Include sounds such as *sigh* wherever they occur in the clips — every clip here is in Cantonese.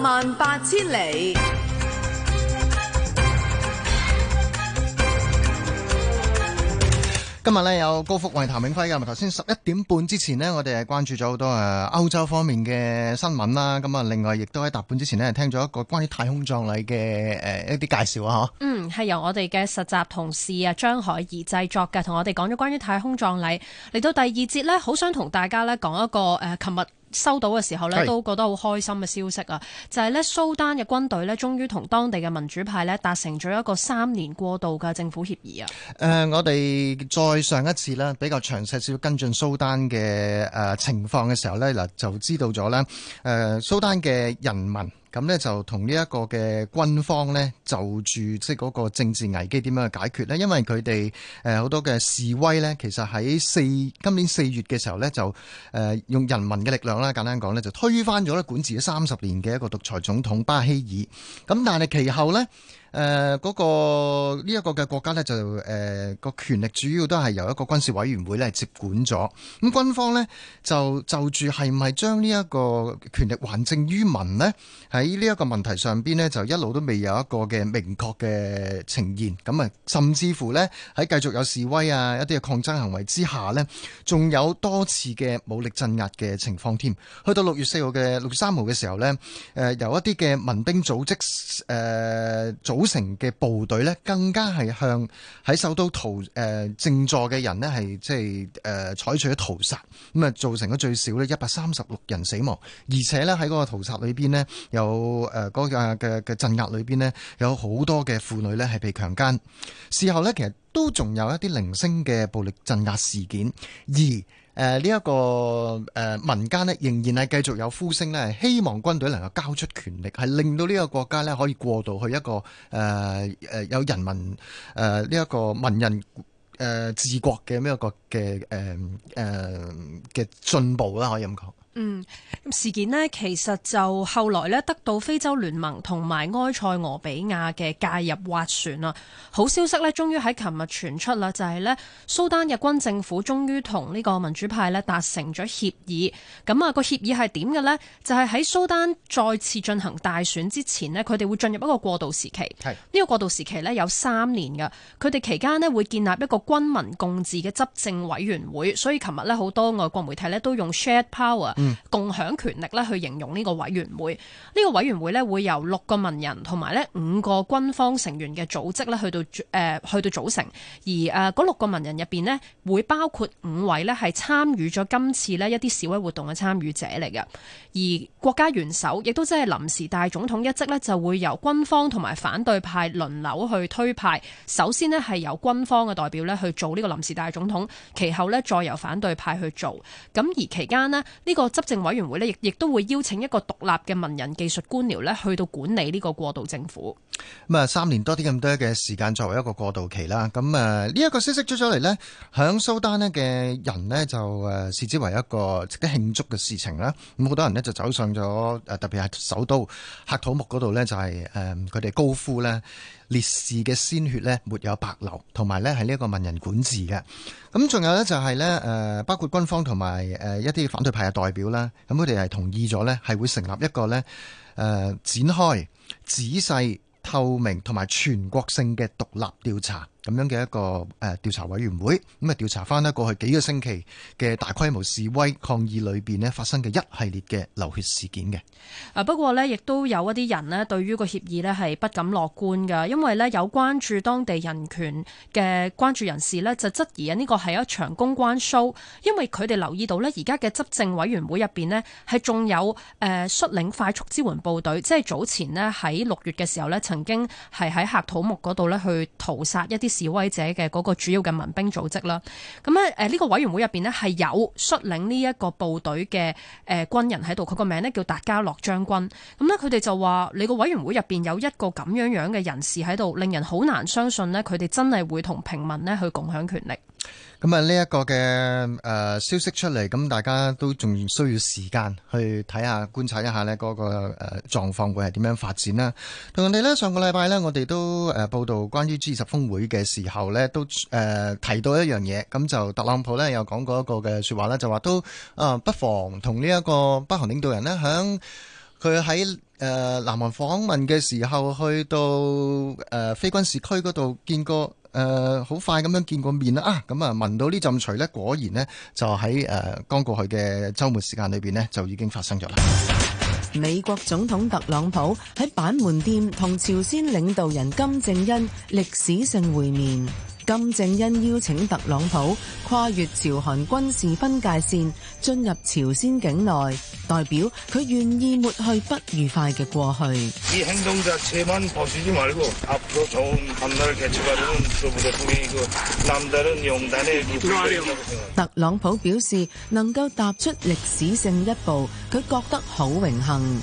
萬八千里。今日咧有高福慧、譚永輝嘅。頭先十一點半之前咧，我哋係關注咗好多誒、呃、歐洲方面嘅新聞啦。咁啊，另外亦都喺踏半之前咧，聽咗一個關於太空葬禮嘅誒一啲介紹啊。嗬，嗯，係由我哋嘅實習同事啊張海怡製作嘅，同我哋講咗關於太空葬禮。嚟到第二節呢，好想同大家咧講一個誒，呃、琴日。收到嘅時候呢，都覺得好開心嘅消息啊！就係呢，蘇丹嘅軍隊呢，終於同當地嘅民主派呢，達成咗一個三年過渡嘅政府協議啊！誒，我哋再上一次呢，比較詳細少少跟進蘇丹嘅誒情況嘅時候呢，嗱就知道咗呢，誒蘇丹嘅人民。咁呢就同呢一個嘅軍方呢，就住即係嗰個政治危機點樣去解決呢？因為佢哋誒好多嘅示威呢，其實喺四今年四月嘅時候呢，就誒用人民嘅力量啦，簡單講呢，就推翻咗咧管治咗三十年嘅一個獨裁總統巴希爾。咁但係其後呢。誒、呃、嗰、這個呢一個嘅國家呢，就誒個權力主要都係由一個軍事委員會呢接管咗。咁軍方呢，就就住係唔係將呢一個權力還政於民呢？喺呢一個問題上邊呢，就一路都未有一個嘅明確嘅呈現。咁啊，甚至乎呢，喺繼續有示威啊、一啲嘅抗爭行為之下呢，仲有多次嘅武力鎮壓嘅情況添。去到六月四號嘅六月三號嘅時候呢，誒、呃、由一啲嘅民兵組織誒、呃組成嘅部隊咧，更加係向喺首都屠誒鎮壓嘅人呢，係即係誒採取咗屠殺，咁啊造成咗最少呢一百三十六人死亡，而且咧喺嗰個屠殺裏邊呢，有誒嗰、呃嗰個嘅嘅鎮壓裏邊咧，有好多嘅婦女呢係被強姦，事後呢，其實都仲有一啲零星嘅暴力鎮壓事件，而誒、呃，呢、這、一個誒、呃、民間仍然係繼續有呼聲咧，係希望軍隊能夠交出權力，係令到呢個國家咧可以過渡去一個誒誒、呃呃、有人、呃這個、民誒呢、呃、一個文人誒治國嘅咁一個嘅誒誒嘅進步啦，可以咁講。嗯。事件呢，其實就後來得到非洲聯盟同埋埃塞俄比亞嘅介入斡旋啊！好消息咧，終於喺琴日傳出啦，就係咧蘇丹日軍政府終於同呢個民主派咧達成咗協議。咁啊，個協議係點嘅呢？就係、是、喺蘇丹再次進行大選之前咧，佢哋會進入一個過渡時期。呢個過渡時期有三年嘅，佢哋期間咧會建立一個軍民共治嘅執政委員會。所以琴日咧好多外國媒體都用 shared power 共享。權力咧去形容呢個委員會，呢、呢個委員會咧會由六個文人同埋咧五個軍方成員嘅組織咧去到誒、呃、去到組成，而誒嗰六個文人入邊咧會包括五位咧係參與咗今次咧一啲示威活動嘅參與者嚟嘅，而國家元首亦都即係臨時大總統一職咧就會由軍方同埋反對派輪流去推派，首先咧係由軍方嘅代表咧去做呢個臨時大總統，其後咧再由反對派去做，咁而期間呢，呢個執政委員會咧。亦都會邀請一個獨立嘅文人技術官僚咧，去到管理呢個過渡政府。咁啊，三年多啲咁多嘅時間作為一個過渡期啦。咁啊，呢一個消息，息出咗嚟呢，響蘇丹咧嘅人呢就誒視之為一個值得慶祝嘅事情啦。咁好多人呢就走上咗誒，特別係首都喀土木嗰度呢就係誒佢哋高呼呢。烈士嘅鮮血咧沒有白流，同埋咧係呢一個文人管治嘅。咁仲有咧就係咧，誒包括軍方同埋誒一啲反對派嘅代表啦，咁佢哋係同意咗咧，係會成立一個咧，誒展開仔細透明同埋全國性嘅獨立調查。咁樣嘅一個誒調查委員會，咁啊調查翻咧過去幾個星期嘅大規模示威抗議裏邊咧發生嘅一系列嘅流血事件嘅。啊不過咧，亦都有一啲人咧對於個協議咧係不敢樂觀㗎，因為咧有關注當地人權嘅關注人士咧就質疑啊呢個係一場公關 show，因為佢哋留意到咧而家嘅執政委員會入邊咧係仲有誒、呃、率領快速支援部隊，即係早前咧喺六月嘅時候咧曾經係喺喀土穆嗰度咧去屠殺一啲。示威者嘅嗰個主要嘅民兵組織啦，咁咧誒呢個委員會入邊咧係有率領呢一個部隊嘅誒軍人喺度，佢個名咧叫達加洛將軍。咁咧佢哋就話：你這個委員會入邊有一個咁樣樣嘅人士喺度，令人好難相信咧，佢哋真係會同平民咧去共享權力。咁啊，呢一個嘅誒消息出嚟，咁大家都仲需要時間去睇下、觀察一下咧、那個，嗰個誒狀況會係點樣發展啦。同人哋咧，上個禮拜咧，我哋都誒報道關於 G20 峰會嘅。嘅時候咧，都誒、呃、提到一樣嘢，咁就特朗普咧有講過一個嘅說話咧，就話都誒、呃、不妨同呢一個北韓領導人呢響佢喺誒南韓訪問嘅時候去到誒、呃、非軍事區嗰度見過誒好、呃、快咁樣見過面啦。啊咁啊聞到呢陣除咧，果然呢就喺誒剛過去嘅周末時間裏邊呢就已經發生咗啦。美國總統特朗普喺板門店同朝鮮領導人金正恩歷史性會面。金正恩邀請特朗普跨越朝韓軍事分界線進入朝鮮境內，代表佢願意抹去不愉快嘅過去。特朗普表示能夠踏出歷史性一步，佢覺得好榮幸。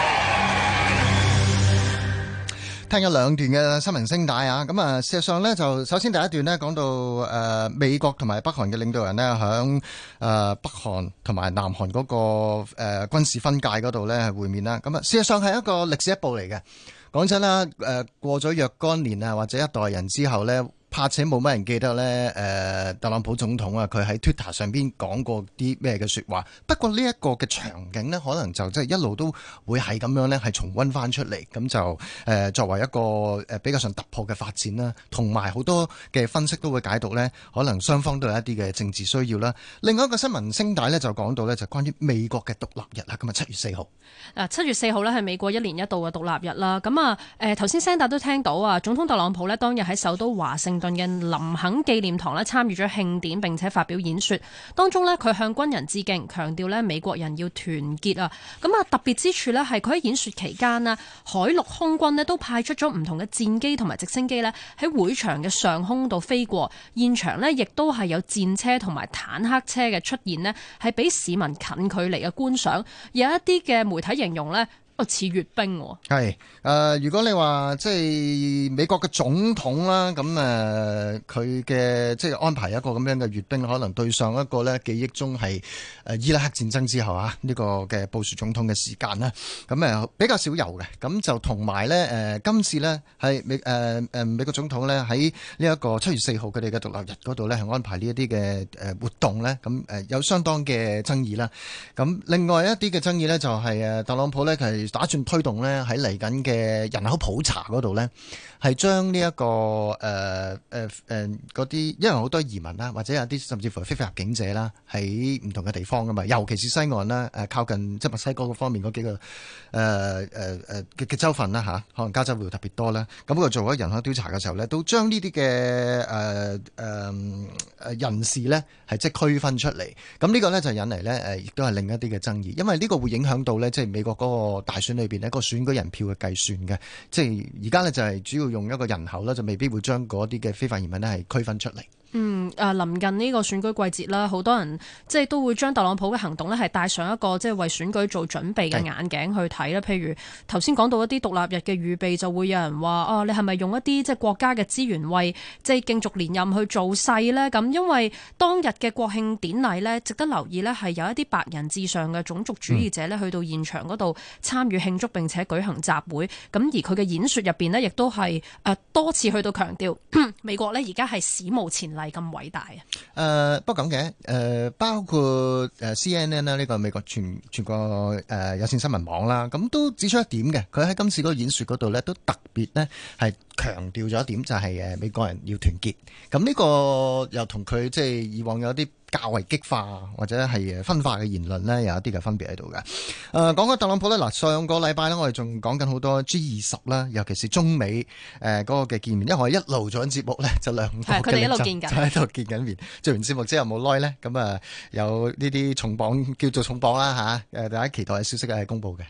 聽咗兩段嘅新聞聲帶啊，咁啊，事實上呢就首先第一段呢講到誒美國同埋北韓嘅領導人呢喺誒北韓同埋南韓嗰個誒軍事分界嗰度呢會面啦，咁啊，事實上係一個歷史一步嚟嘅。講真啦，誒過咗若干年啊或者一代人之後呢。怕且冇乜人記得咧，誒、呃、特朗普總統啊，佢喺 Twitter 上邊講過啲咩嘅說話。不過呢一個嘅場景咧，可能就即係一路都會係咁樣咧，係重溫翻出嚟。咁就誒作為一個誒比較上突破嘅發展啦，同埋好多嘅分析都會解讀咧，可能雙方都有一啲嘅政治需要啦。另外一個新聞聲帶咧就講到咧，就關於美國嘅獨立日啦，咁啊七月四號。嗱，七、呃、月四號咧係美國一年一度嘅獨立日啦。咁啊，誒頭先聲帶都聽到啊，總統特朗普咧當日喺首都華盛林肯紀念堂咧參與咗慶典並且發表演說，當中咧佢向軍人致敬，強調咧美國人要團結啊！咁啊特別之處咧係佢喺演說期間啦，海陸空軍咧都派出咗唔同嘅戰機同埋直升機咧喺會場嘅上空度飛過，現場咧亦都係有戰車同埋坦克車嘅出現咧，係俾市民近距離嘅觀賞，有一啲嘅媒體形容咧。似閱兵係、哦、誒、呃，如果你話即係美國嘅總統啦，咁誒佢嘅即係安排一個咁樣嘅閱兵，可能對上一個咧記憶中係誒伊拉克戰爭之後啊呢、這個嘅布殊總統嘅時間啦，咁、啊、誒比較少有嘅。咁就同埋咧誒，今次呢，係美誒誒美國總統咧喺呢一個七月四號佢哋嘅獨立日嗰度咧係安排呢一啲嘅誒活動咧，咁、啊、誒、啊、有相當嘅爭議啦。咁、啊、另外一啲嘅爭議咧就係、是、誒、啊、特朗普咧佢係。打算推動咧喺嚟緊嘅人口普查嗰度咧，係將呢、這、一個誒誒誒嗰啲，因為好多移民啦，或者有啲甚至乎非法入境者啦，喺唔同嘅地方噶嘛，尤其是西岸啦，誒靠近即墨西哥嗰方面嗰幾個誒誒誒嘅嘅州份啦嚇、啊，可能加州會特別多啦。咁佢做咗人口調查嘅時候咧，都將呢啲嘅誒誒誒人士咧係即區分出嚟。咁呢個咧就引嚟咧誒，亦都係另一啲嘅爭議，因為呢個會影響到咧，即美國嗰、那個。大選裏邊一個選舉人票嘅計算嘅，即係而家咧就係、是、主要用一個人口啦，就未必會將嗰啲嘅非法移民咧係區分出嚟。嗯，誒，臨近呢個選舉季節啦，好多人即係都會將特朗普嘅行動咧，係戴上一個即係為選舉做準備嘅眼鏡去睇啦。譬如頭先講到一啲獨立日嘅預備，就會有人話啊，你係咪用一啲即係國家嘅資源為即係競逐連任去做勢咧？咁因為當日嘅國慶典禮咧，值得留意咧，係有一啲白人至上嘅種族主義者咧，去到現場嗰度參與慶祝並且舉行集會，咁、嗯、而佢嘅演說入邊咧，亦都係誒多次去到強調、嗯、美國咧而家係史無前例。係咁偉大啊！誒，不過咁嘅誒，包括誒 CNN 啦，呢個美國全全國誒有線新聞網啦，咁都指出一點嘅，佢喺今次嗰個演說嗰度咧，都特別咧係，強調咗一點就係誒美國人要團結，咁呢個又同佢即係以往有啲較為激化或者係分化嘅言論呢，有一啲嘅分別喺度嘅。誒、呃、講開特朗普呢，嗱上個禮拜呢，我哋仲講緊好多 G 二十啦，尤其是中美誒嗰、呃那個嘅見面，因為我一路做緊節目呢，就兩，係佢哋一路見緊，就喺度見緊面。做完節目之後冇耐呢，咁啊有呢啲重磅叫做重磅啦嚇，誒、啊、大家期待嘅消息係公布嘅。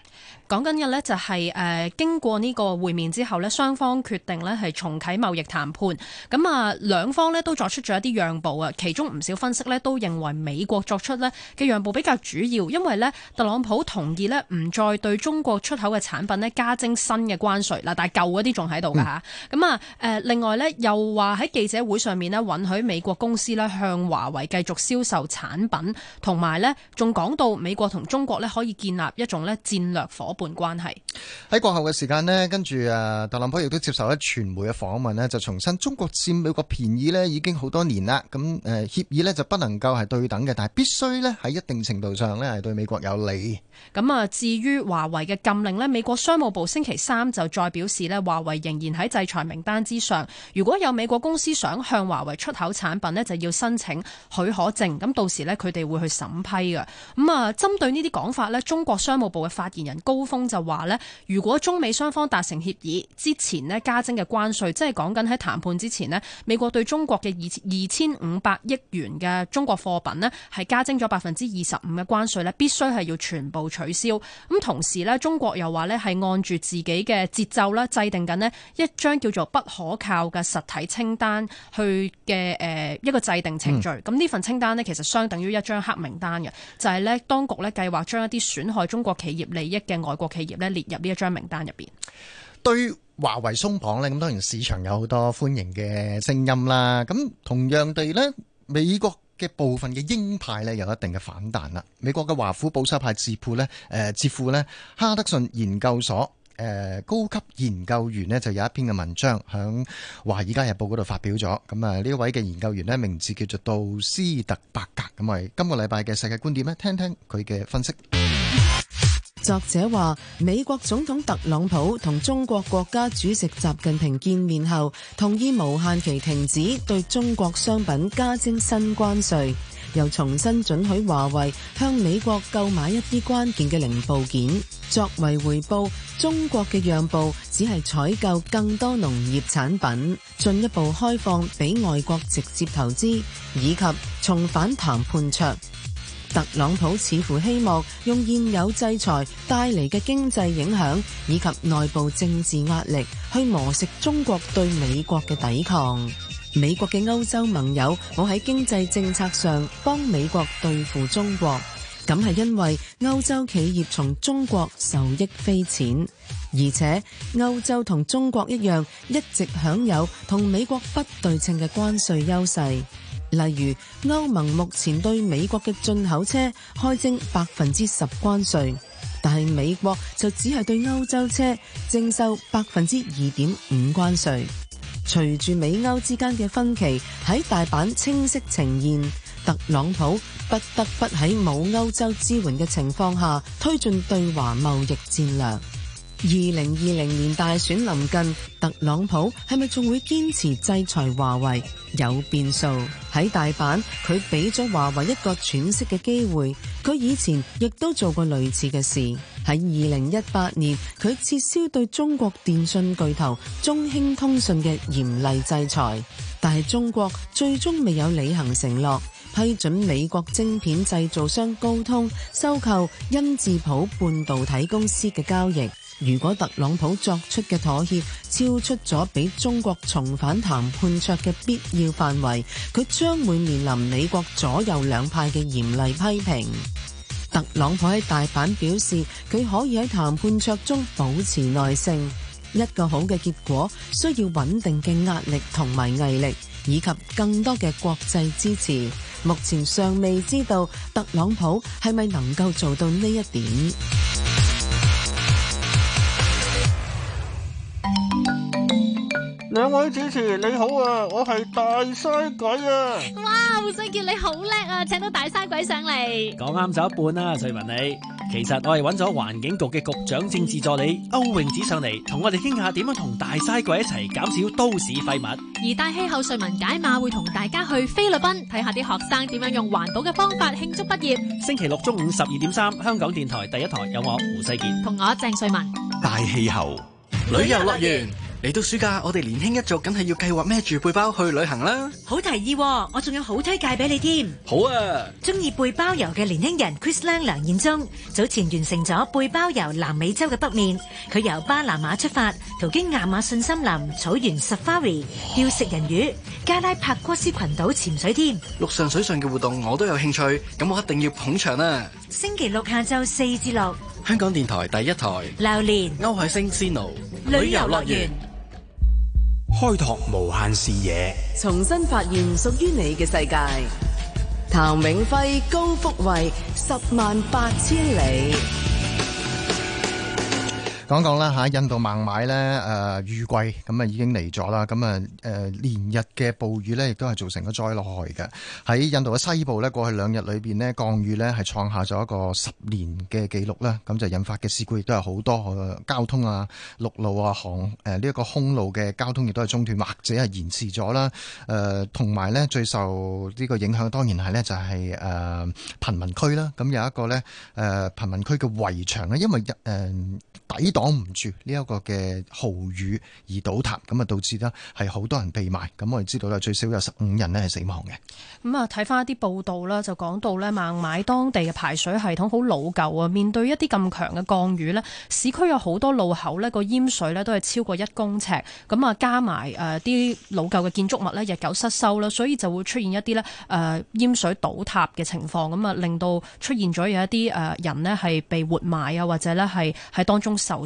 講緊嘅呢，就係誒經過呢個會面之後呢，雙方決定。咧係重啟貿易談判，咁啊，兩方咧都作出咗一啲讓步啊。其中唔少分析咧都認為美國作出咧嘅讓步比較主要，因為咧特朗普同意咧唔再對中國出口嘅產品咧加徵新嘅關稅嗱，但係舊嗰啲仲喺度噶吓。咁啊，誒，另外咧又話喺記者會上面咧允許美國公司咧向華為繼續銷售產品，同埋咧仲講到美國同中國咧可以建立一種咧戰略夥伴關係。喺過後嘅時間咧，跟住誒特朗普亦都接受咧。傳媒嘅訪問咧就重申，中國佔美國便宜咧已經好多年啦。咁誒，協議咧就不能夠係對等嘅，但係必須咧喺一定程度上咧係對美國有利。咁啊，至於華為嘅禁令咧，美國商務部星期三就再表示咧，華為仍然喺制裁名單之上。如果有美國公司想向華為出口產品咧，就要申請許可證。咁到時咧，佢哋會去審批嘅。咁啊，針對呢啲講法咧，中國商務部嘅發言人高峰就話咧，如果中美雙方達成協議之前咧加。嘅關稅，即係講緊喺談判之前呢，美國對中國嘅二千二千五百億元嘅中國貨品呢，係加徵咗百分之二十五嘅關稅呢，必須係要全部取消。咁同時呢，中國又話呢係按住自己嘅節奏咧，制定緊呢一張叫做不可靠嘅實體清單去嘅誒、呃、一個制定程序。咁、嗯、呢份清單呢，其實相等於一張黑名單嘅，就係、是、呢當局咧計劃將一啲損害中國企業利益嘅外國企業呢列入呢一張名單入邊。對華為鬆綁咧，咁當然市場有好多歡迎嘅聲音啦。咁同樣地咧，美國嘅部分嘅鷹派咧，有一定嘅反彈啦。美國嘅華府保守派智庫咧，誒，智庫咧，哈德遜研究所誒高級研究員咧，就有一篇嘅文章喺華爾街日報嗰度發表咗。咁啊，呢一位嘅研究員咧，名字叫做杜斯特柏格。咁啊，今個禮拜嘅世界觀點咧，聽聽佢嘅分析。作者話：美國總統特朗普同中國國家主席習近平見面後，同意無限期停止對中國商品加徵新關稅，又重新准許華為向美國購買一啲關鍵嘅零部件。作為回報，中國嘅讓步只係採購更多農業產品，進一步開放俾外國直接投資，以及重返談判桌。特朗普似乎希望用現有制裁帶嚟嘅經濟影響以及內部政治壓力，去磨蝕中國對美國嘅抵抗。美國嘅歐洲盟友，冇喺經濟政策上幫美國對付中國，咁係因為歐洲企業從中國受益匪淺，而且歐洲同中國一樣，一直享有同美國不對稱嘅關稅優勢。例如，歐盟目前對美國嘅進口車開徵百分之十關稅，但係美國就只係對歐洲車徵收百分之二點五關稅。隨住美歐之間嘅分歧喺大阪清晰呈現，特朗普不得不喺冇歐洲支援嘅情況下，推進對華貿易戰略。二零二零年大選臨近，特朗普係咪仲會堅持制裁華為？有變數。喺大阪，佢俾咗華為一個喘息嘅機會。佢以前亦都做過類似嘅事。喺二零一八年，佢撤銷對中國電信巨頭中興通訊嘅嚴厲制裁，但係中國最終未有履行承諾，批准美國晶片製造商高通收購恩智浦半導體公司嘅交易。如果特朗普作出嘅妥協超出咗俾中國重返談判桌嘅必要範圍，佢將會面臨美國左右兩派嘅嚴厲批評。特朗普喺大阪表示，佢可以喺談判桌中保持耐性。一個好嘅結果需要穩定嘅壓力同埋毅力，以及更多嘅國際支持。目前尚未知道特朗普係咪能夠做到呢一點。兩位主持你好啊，我係大嘥鬼啊！哇，胡世杰你好叻啊，請到大嘥鬼上嚟。講啱就一半啦，瑞文你。其實我係揾咗環境局嘅局長政治助理區詠芷上嚟，同我哋傾下點樣同大嘥鬼一齊減少都市廢物。而大氣候瑞文解碼會同大家去菲律賓睇下啲學生點樣用環保嘅方法慶祝畢業。星期六中午十二點三，香港電台第一台有我胡世杰同我鄭瑞文大氣候旅遊樂園。嚟到暑假，我哋年輕一族梗係要計劃孭住背包去旅行啦！好提議，我仲有好推介俾你添。好啊！中意背包遊嘅年輕人 Chris Lang 梁彥宗，早前完成咗背包遊南美洲嘅北面。佢由巴拿馬出發，途經亞馬遜森林、草原 Safari，釣食人魚、加拉帕哥斯群島潛水添。陸上、水上嘅活動我都有興趣，咁我一定要捧場啊！星期六下晝四至六，香港電台第一台，榴蓮歐海星仙奴旅遊樂園。開拓無限視野，重新發現屬於你嘅世界。譚永輝、高福慧，十萬八千里。講講啦嚇印度孟買咧，誒、呃、雨季咁啊已經嚟咗啦，咁啊誒連日嘅暴雨咧，亦都係造成咗災害嘅。喺印度嘅西部咧，過去兩日裏面呢，降雨咧係創下咗一個十年嘅記錄啦。咁就引發嘅事故亦都有好多交通啊、陸路啊、航呢一個空路嘅交通亦都係中斷或者係延遲咗啦。誒同埋咧最受呢個影響當然係咧就係、是、誒、呃、貧民區啦。咁有一個咧誒、呃、貧民區嘅圍牆咧，因為誒、呃、抵擋唔住呢一個嘅豪雨而倒塌，咁啊導致呢係好多人被埋，咁我哋知道啦，最少有十五人呢係死亡嘅。咁啊睇翻一啲報道啦，就講到呢孟買當地嘅排水系統好老舊啊，面對一啲咁強嘅降雨呢，市區有好多路口呢個淹水呢都係超過一公尺，咁啊加埋誒啲老舊嘅建築物呢，日久失修啦，所以就會出現一啲呢誒淹水倒塌嘅情況，咁啊令到出現咗有一啲誒人呢係被活埋啊，或者呢係喺當中受。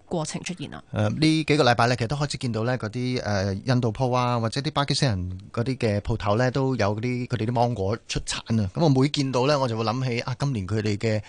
過程出現啊！誒呢幾個禮拜咧，其實都開始見到咧嗰啲誒印度鋪啊，或者啲巴基斯坦人嗰啲嘅鋪頭咧，都有嗰啲佢哋啲芒果出產啊！咁我每見到咧，我就會諗起啊，今年佢哋嘅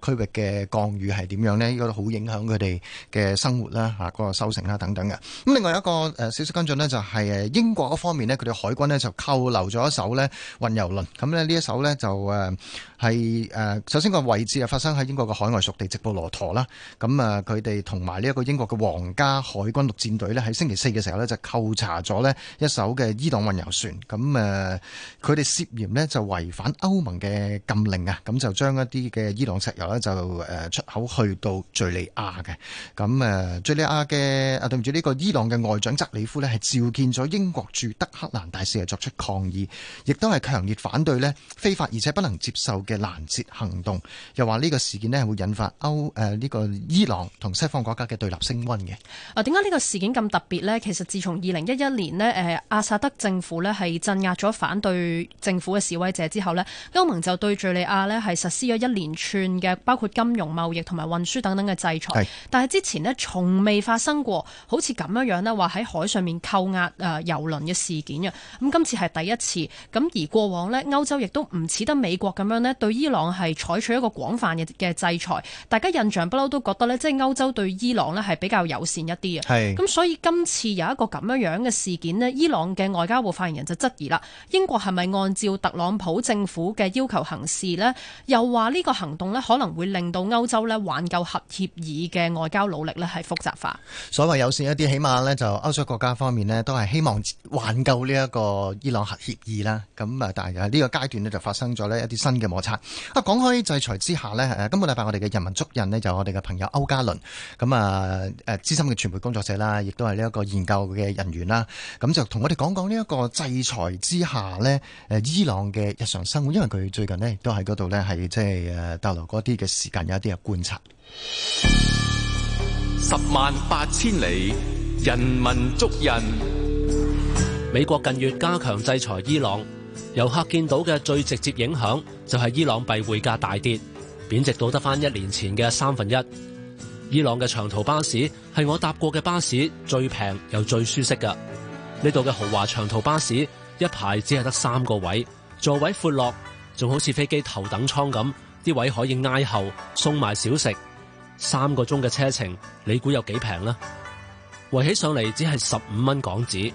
誒區域嘅降雨係點樣咧？應該都好影響佢哋嘅生活啦，嗰個收成啦等等嘅。咁另外一個誒少少跟進咧，就係誒英國嗰方面咧，佢哋海軍咧就扣留咗一艘咧運油輪。咁咧呢一艘咧就誒係誒首先個位置係發生喺英國嘅海外屬地直布羅陀啦。咁啊，佢哋同同埋呢一個英國嘅皇家海軍陸戰隊呢喺星期四嘅時候呢，就扣查咗呢一艘嘅伊朗運油船。咁誒，佢哋涉嫌呢就違反歐盟嘅禁令啊！咁就將一啲嘅伊朗石油呢，就誒出口去到敍利亞嘅。咁誒，敍利亞嘅啊，對唔住，呢個伊朗嘅外長澤里夫呢，係召見咗英國駐德黑蘭大使嚟作出抗議，亦都係強烈反對呢非法而且不能接受嘅攔截行動。又話呢個事件呢，係會引發歐誒呢個伊朗同西方國家嘅對立升溫嘅。啊，點解呢個事件咁特別呢？其實自從二零一一年呢，誒阿薩德政府呢係鎮壓咗反對政府嘅示威者之後呢，歐盟就對敍利亞呢係實施咗一連串嘅包括金融、貿易同埋運輸等等嘅制裁。係。但係之前呢，從未發生過好似咁樣樣咧，話喺海上面扣押誒油輪嘅事件嘅。咁今次係第一次。咁而過往呢，歐洲亦都唔似得美國咁樣呢，對伊朗係採取一個廣泛嘅嘅制裁。大家印象不嬲都覺得呢，即係歐洲對伊朗咧，係比較友善一啲嘅。咁所以今次有一個咁樣樣嘅事件呢，伊朗嘅外交部發言人就質疑啦，英國係咪按照特朗普政府嘅要求行事呢？又話呢個行動咧，可能會令到歐洲咧挽救核協議嘅外交努力咧係複雜化。所謂友善一啲，起碼呢就歐洲國家方面呢都係希望挽救呢一個伊朗核協議啦。咁啊，但係呢個階段呢就發生咗呢一啲新嘅摩擦。啊，講開制裁之下呢，今個禮拜我哋嘅人文足印呢，就我哋嘅朋友區家麟。咁啊，誒，資深嘅傳媒工作者啦，亦都係呢一個研究嘅人員啦。咁就同我哋講講呢一個制裁之下咧，誒伊朗嘅日常生活，因為佢最近咧都喺嗰度咧，係即係誒逗留嗰啲嘅時間有一啲嘅觀察。十萬八千里，人文足印。美國近月加強制裁伊朗，遊客見到嘅最直接影響就係伊朗幣匯價大跌，貶值到得翻一年前嘅三分一。伊朗嘅長途巴士係我搭過嘅巴士最平又最舒適噶。呢度嘅豪華長途巴士一排只係得三個位，座位闊落，仲好似飛機頭等艙咁。啲位可以挨後，送埋小食。三個鐘嘅車程，你估有幾平呢？圍起上嚟只係十五蚊港紙。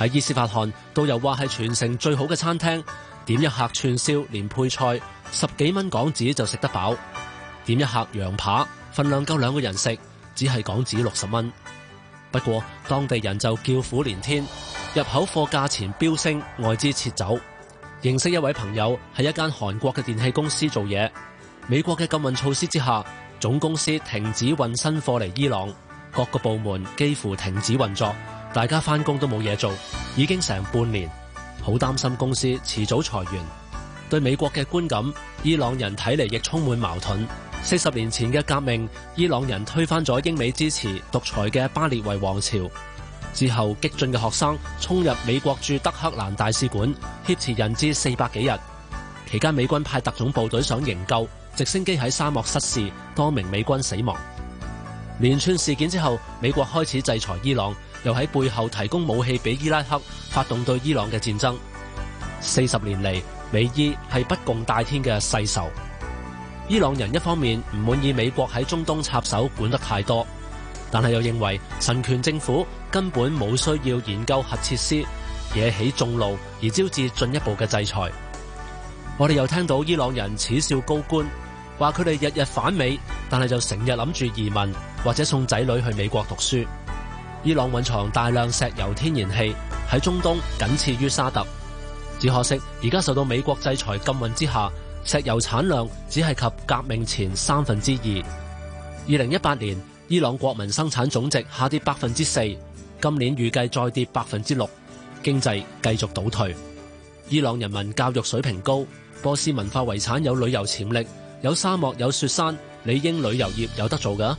喺伊斯法罕導遊話係全城最好嘅餐廳，點一客串燒連配菜十幾蚊港紙就食得飽，點一客羊扒。份量夠兩個人食，只係港紙六十蚊。不過當地人就叫苦連天，入口貨價錢飆升，外資撤走。認識一位朋友喺一間韓國嘅電器公司做嘢，美國嘅禁運措施之下，總公司停止運新貨嚟伊朗，各個部門幾乎停止運作，大家翻工都冇嘢做，已經成半年，好擔心公司遲早裁員。對美國嘅觀感，伊朗人睇嚟亦充滿矛盾。四十年前嘅革命，伊朗人推翻咗英美支持獨裁嘅巴列維王朝。之後，激進嘅學生衝入美國駐德黑蘭大使館，挾持人質四百幾日。期間，美軍派特種部隊想營救，直升機喺沙漠失事，多名美軍死亡。連串事件之後，美國開始制裁伊朗，又喺背後提供武器俾伊拉克，發動對伊朗嘅戰爭。四十年嚟，美伊係不共戴天嘅世仇。伊朗人一方面唔滿意美國喺中東插手管得太多，但係又認為神權政府根本冇需要研究核設施惹起眾怒而招致進一步嘅制裁。我哋又聽到伊朗人恥笑高官，話佢哋日日反美，但係就成日諗住移民或者送仔女去美國讀書。伊朗蘊藏大量石油天然氣，喺中東僅次於沙特，只可惜而家受到美國制裁禁運之下。石油產量只係及革命前三分之二。二零一八年伊朗國民生產總值下跌百分之四，今年預計再跌百分之六，經濟繼續倒退。伊朗人民教育水平高，波斯文化遺產有旅遊潛力，有沙漠有雪山，理應旅遊業有得做㗎。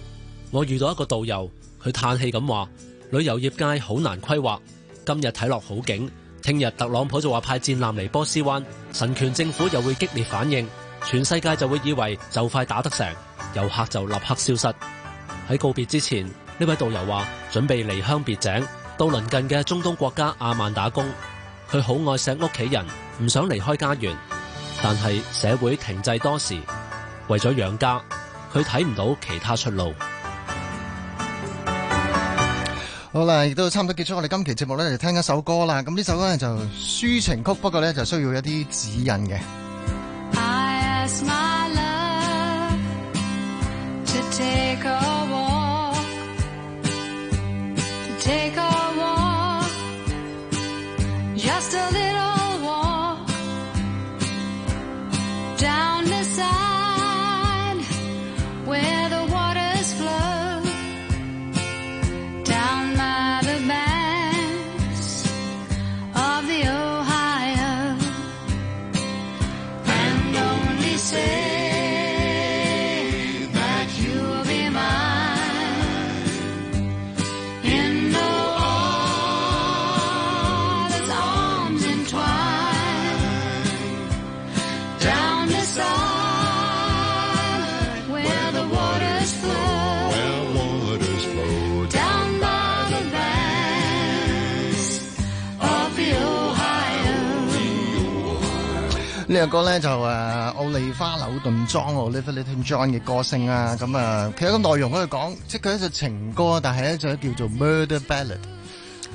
我遇到一個導遊，佢嘆氣咁話：旅遊業界好難規劃，今日睇落好景。聽日特朗普就話派戰艦嚟，波斯灣，神權政府又會激烈反應，全世界就會以為就快打得成，遊客就立刻消失。喺告別之前，呢位導遊話準備離鄉別井，到鄰近嘅中東國家阿曼打工。佢好愛錫屋企人，唔想離開家園，但係社會停滯多時，為咗養家，佢睇唔到其他出路。好啦，亦都差唔多結束我哋今期節目咧，就聽一首歌啦。咁呢首歌咧就抒情曲，不過咧就需要一啲指引嘅。這個歌咧就誒、是，奧利花紐頓莊 （Olivia Newton-John） 嘅歌聲啊，咁啊，其實個內容喺度講，即係佢一首情歌，但係咧就叫做 murder ballad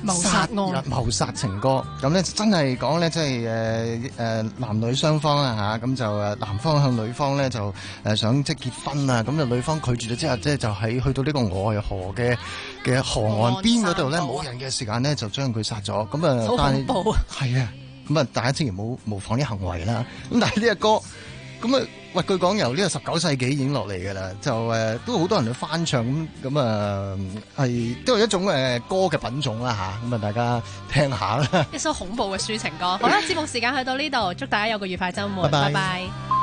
謀殺案、謀殺情歌。咁咧真係講咧，即係誒誒，男女雙方啊吓，咁就誒，男方向女方咧就誒想即結婚啊，咁就女方拒絕咗之後，即係就喺去到呢個外河嘅嘅河岸邊嗰度咧，冇人嘅時間咧就將佢殺咗。咁啊，但係啊。咁啊，大家千祈唔好模仿啲行為啦。咁但係呢個歌，咁啊，喂，據講由呢個十九世紀已經落嚟㗎啦，就誒都好多人去翻唱咁，咁啊係都係一種誒歌嘅品種啦嚇。咁啊，大家聽下啦。一首恐怖嘅抒情歌。好啦， *laughs* 節目時間去到呢度，祝大家有個愉快周末。拜拜。Bye bye